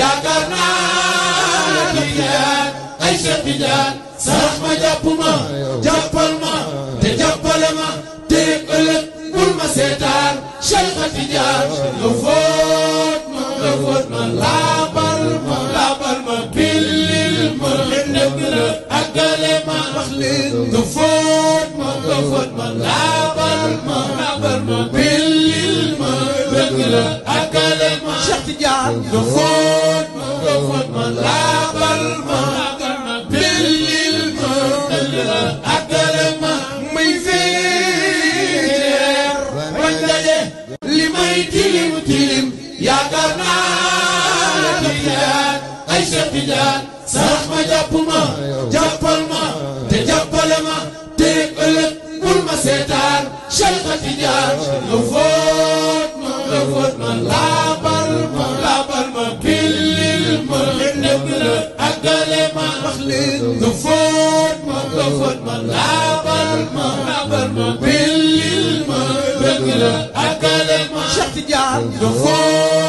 yaakaar naa Tijaan Aysa Tijaan sarax ma jàpp ma jàppal ma te jàppale ma te ëllëg bul ma seetaan Cheikh Tijaan nga fóot ma nga fóot ma laabal ma laabal ma billil ma xëndëg la àggale ma wax leen nga fóot ma nga fóot ma laabal ma laabal ma billil ma dëgg la tijaan nga ma nga fóot ma laabal ma billil ma àggale ma muy fiir bañ daje li may tilim tilim yaakaar naa tijaan ay sa tijaan sarax ma jàpp ma ma te jàppale ma te ëllëg bul ma seetaan Cheikh Tidiane nga fóot ma ma laabal nu fóot ma nga fóot ma laabal ma laabal ma billil ma dëgg la akale ma nu fóot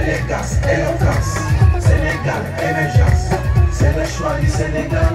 Élégance, éloquence, Sénégal, émergence, c'est le choix du Sénégal.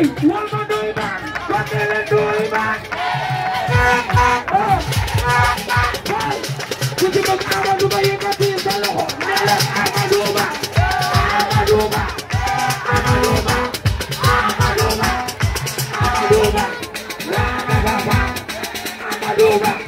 Hey, one more doing back. What the hell doing back? Kuti kama duba duba. duba. duba. duba. duba.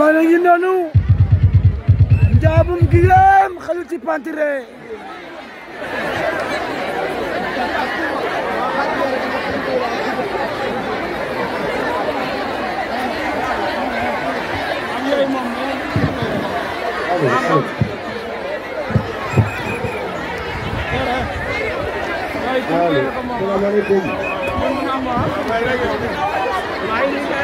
Baligin na no. Jabum giyam khaluti pantire. Oh, oh. Assalamualaikum.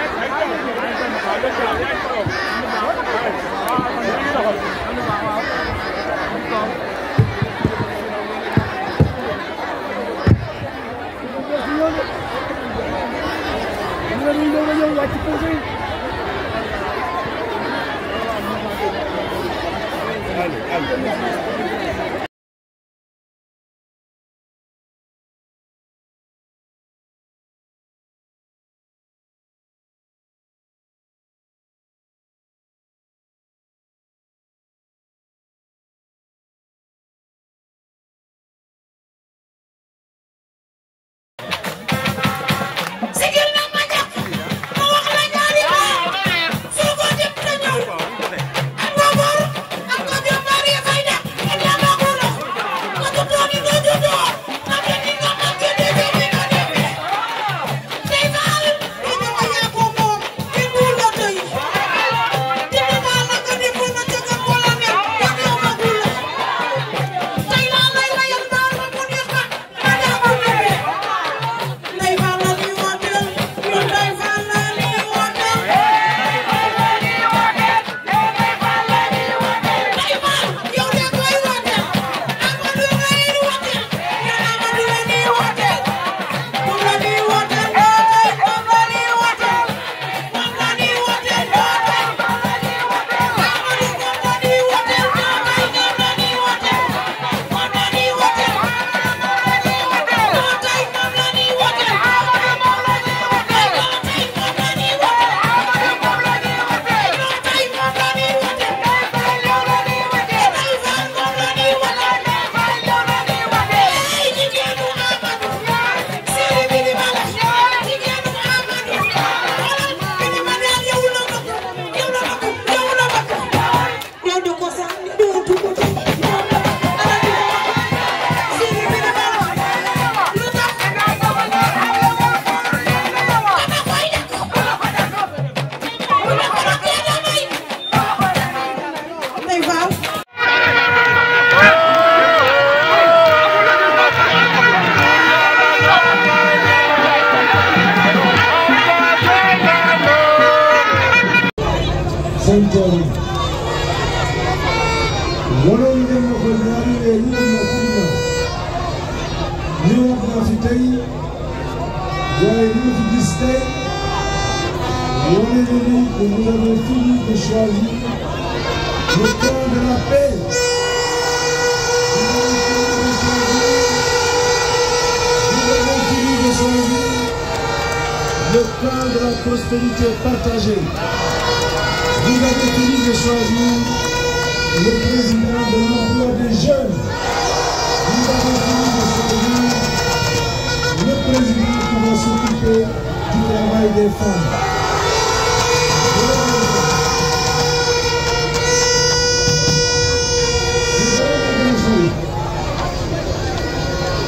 Allez, allez.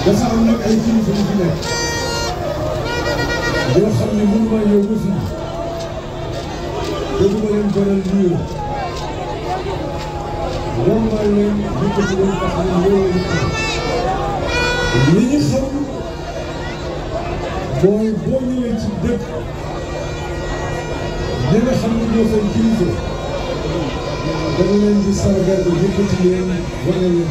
dafa am nag ay kilifa yu fi nekk yoo xam ne mënu ma yóbbu fii te du ma leen booleel lii moom maa leen yëkkati leen tax na loolu li ñu xam mooy boo ñëwee ci dëkk ñi nga xam ne ñoo fay kilifa dama leen di sargal yëkkati leen wane leen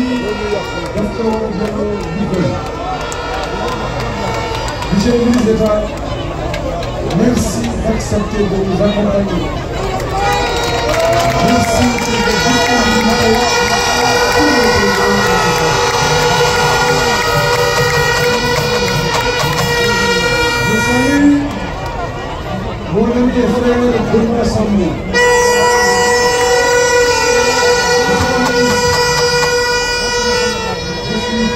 Monsieur le ministre d'État, merci d'accepter de nous accompagner. Merci de vous accompagner. Je salue mon ami et frère première Assemblée.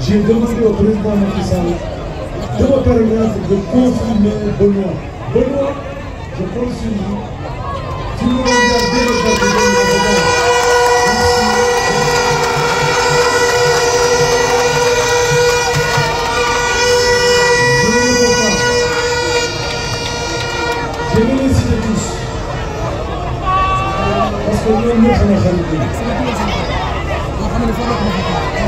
J'ai demandé au président Macky de me de confirmer Benoît. Benoît, je pense sur vous. Tu me regardes le président de Je vais remercie tous. Parce que nous, nous sommes la famille.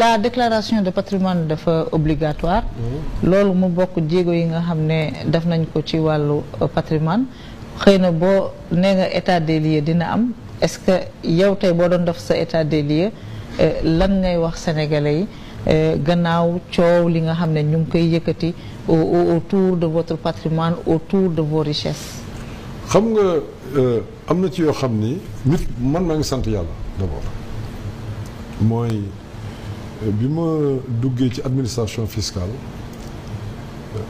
la déclaration de patrimoine est obligatoire loolu mu bok jéego yi nga xamné ne def nañ ko ci walu euh, patrimoine Xeyna bo né nga état des lieux dina am est-ce que yow tay bo doon def sa état des lieux euh, lan ngay wax sénégalais yi euh, gannaaw ciow li nga xamné ne koy yëkëti autour de votre patrimoine autour de vos richesses xam nga euh, am na ci yoo xam ni nit man maa ngi sant yàlla d'abord mooy euh, bi ma duggee ci administration fiscale euh,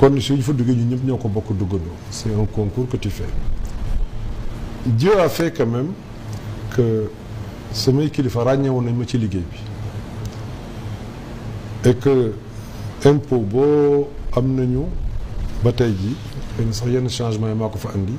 condition yi ñu fa duggee ñun ñëpp ñoo ko bokk duggandoo c'est un concours que tu fais Dieu a fait quand même que samay kilifa ràññewoon nañ ma ci liggéey bi et que impôt boo am nañu ba tey ji xëy na sax yenn changement yi maa ko fa andi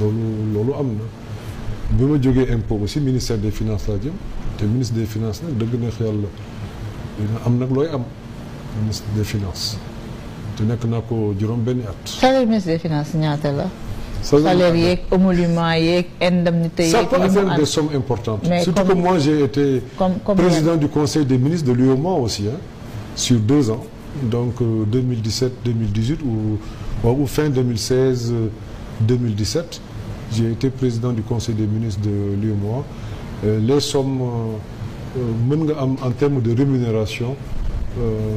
loolu loolu am na bi ma jógee impôt aussi ministère des finances laa jëm ministre des finances nag dëgg neex yàlla dina am nag looy am ministre des finances te nekk naa ko juróom benn at. salaire ministre des finances ñaata la. salaire yeeg émoluments indemnité ça peut atteindre des sommes importantes. surtout comme, que moi j'ai été. président du conseil des ministres de l'UOMA aussi hein, sur deux ans donc 2017 euh, 2018 ou ou fin 2016 2017. J'ai été président du conseil des ministres de l'UMOA. Euh, les sommes, euh, euh, en termes de rémunération, euh,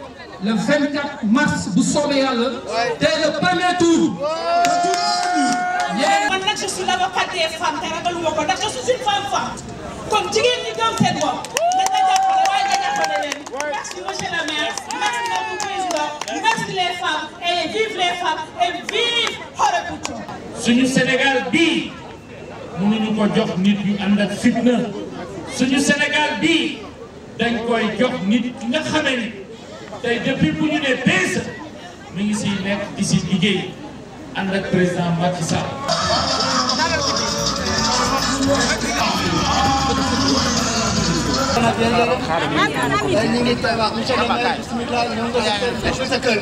le 24 mars bu soobee yàlla. dès le premier tour. yéen. man nag je suis l'avocate des femmes te ragaluma ko je suis une femme forte Comme jigéen ñi gëm seen bopp. dañ la jàppale waaye nga jàppale merci monsieur le maire. merci beaucoup président. merci les femmes et vive les femmes et vive Horékoutou. suñu Sénégal bii mënuñu ko jox nit yu ànd ak fitna suñu Sénégal bi. dañ koy jox nit nga xamee tey depuis bu ñu nee PSE mi ngi siy nekk di si liggéey ànd ak président Macky Sall. ñu ngi koy wax monsieur le maire bisimilah ñu ngi koy def sa kër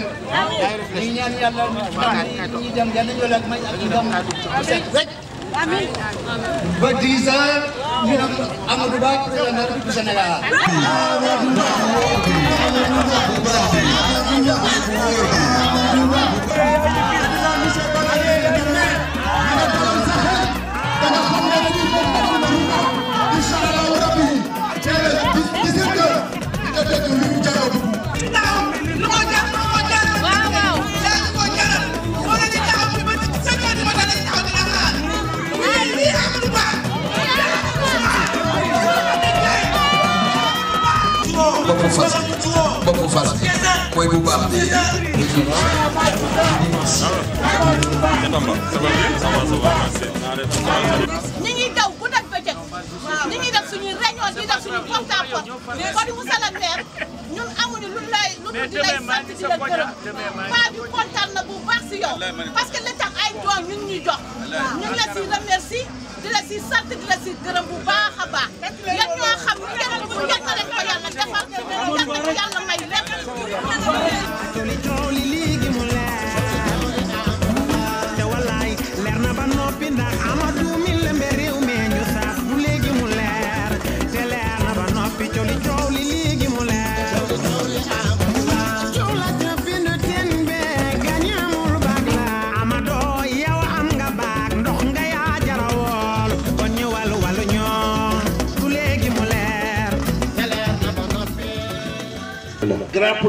ñu ñaan yàlla ñu dem yàlla ñu may ak ñu doom bu set wecc Amin. Bajisa yang Amal bak dan dari bisa nela. Thank you. fas bopp fas bi mooy bu baax bi. ñu ngi daw bu daj bëccëg ñu ngi def suñuy réunion di def suñu porte à porte kon monsieur le maire ñun amuñu lu lay lu di lay sant di la gërëm paa bi kontaan na bu baax si yow parce que li tax ay doom ñu ngi ñuy jox ñu ngi la si remercier di la si sant di la si gërëm bu baax a baax yéen ñoo xam ñu ngeen ko yàlla defal yàlla may lépp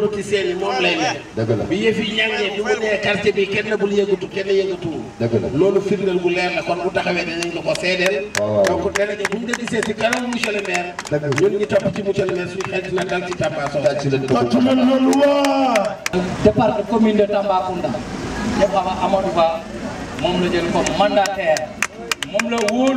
politiciens yi mom lay mel. dëgg la bi yëf ñangé ñàngee bi mu nee quartier bi kenn bul yëngatu kenn yëngatuwul. dëgg la loolu firndeel bu leer la kon bu taxawé dañ la ko sédel donc délégué bu ñu la gisee si kanam monsieur le maire. ñun ñi topp ci monsieur le maire suñu xel dina dal ci Tambacounda. ci lañ ko loolu waa. départ de commune de Tambacounda. Amadou Ba mom la jël comme mandataire mom la wul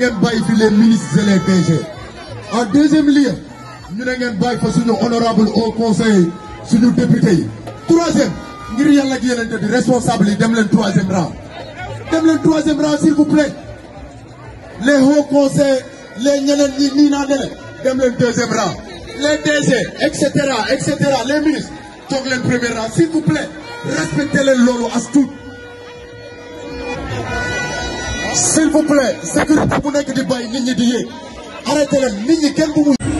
les ministres DG en deuxième lieu nous honorable au conseil nos députés. troisième nous avons la responsable troisième rang dem troisième rang s'il vous plaît les hauts conseils les deuxième rang les DG etc., les ministres le premier rang s'il vous plaît respectez les loolu à tout. S'il vous plaît, sécurisez que le tabouna qui débat est mini Arrêtez-le, mini-quelle que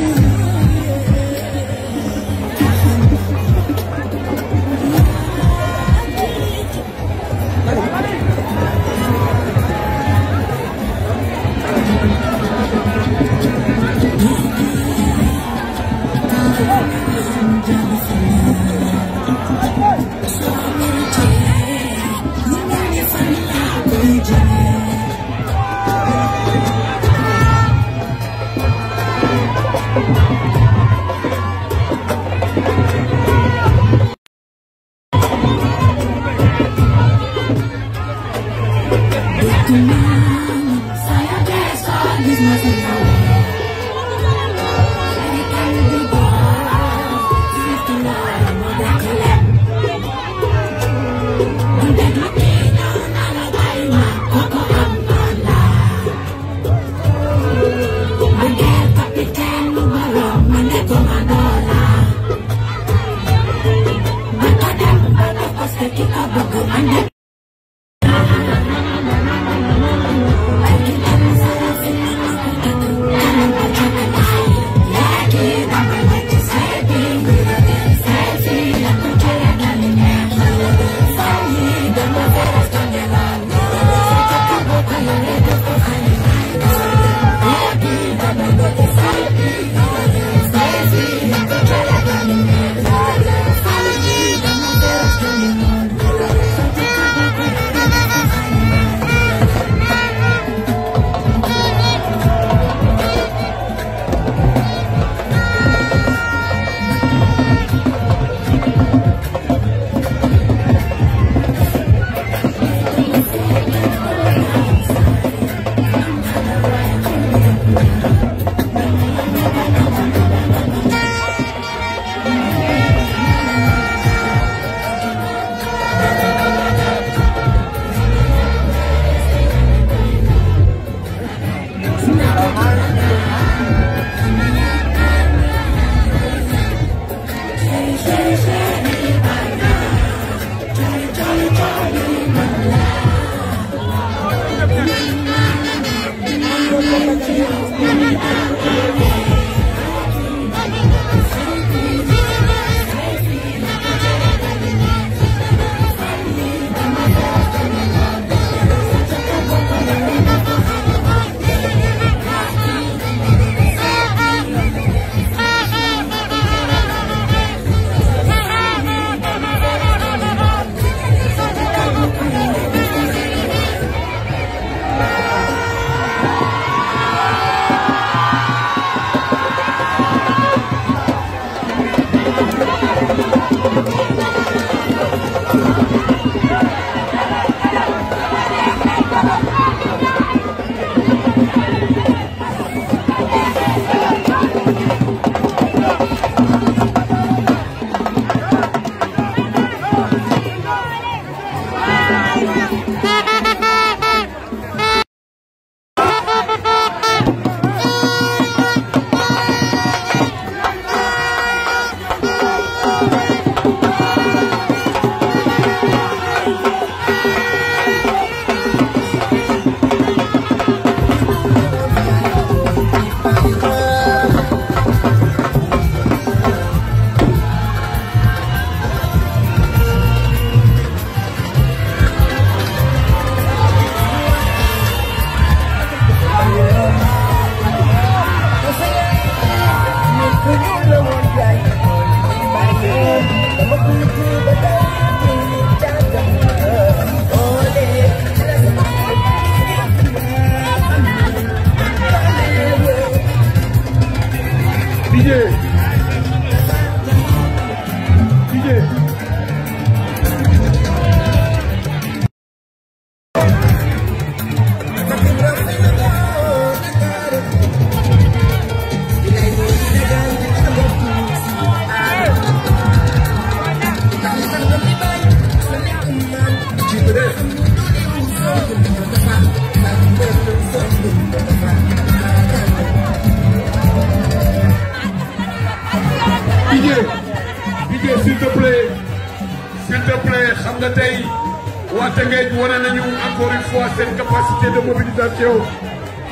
encore une fois cette capacité de mobilisation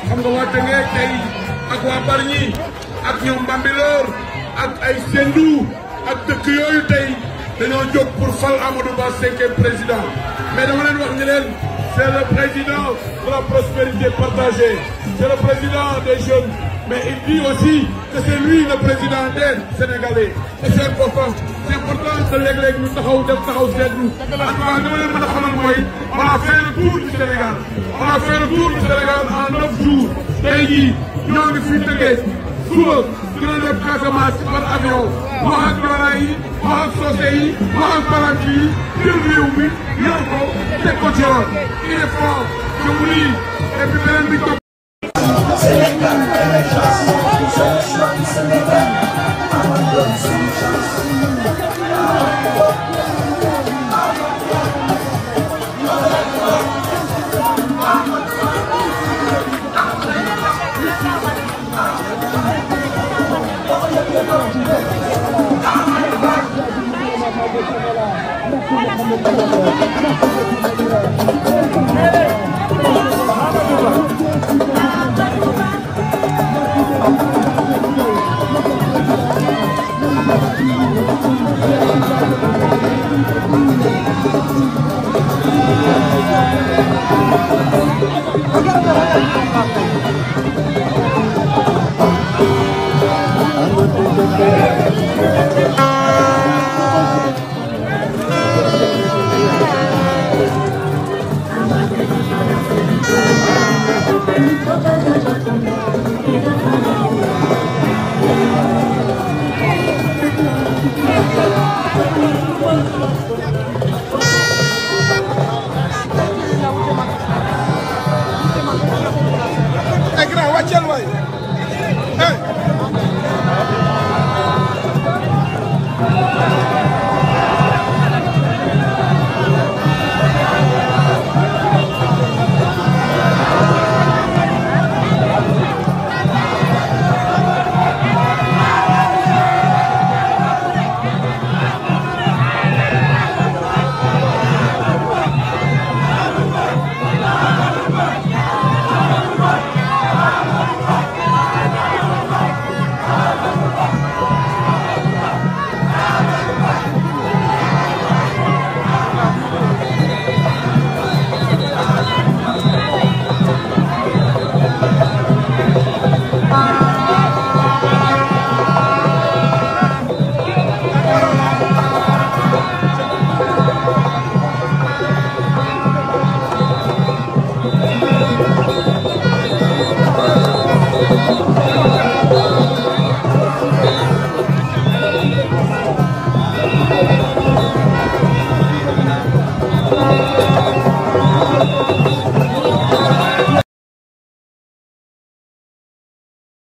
pour président c'est le président de la prospérité partagée c'est le président des jeunes mais il dit aussi que c'est lui le président des Sénégalais et c'est important c'est important sa léeg-léeg ñu taxaw def taxaw seetlu. dëgg la en tout cas li ma leen mën a xamal mooy on a fait le tour a fi tëggee suba dina def par avion. wax ak Joola yi ak Socé yi ak Palanque yi mi yor ko ko ci yoon. il est fort je bi topp.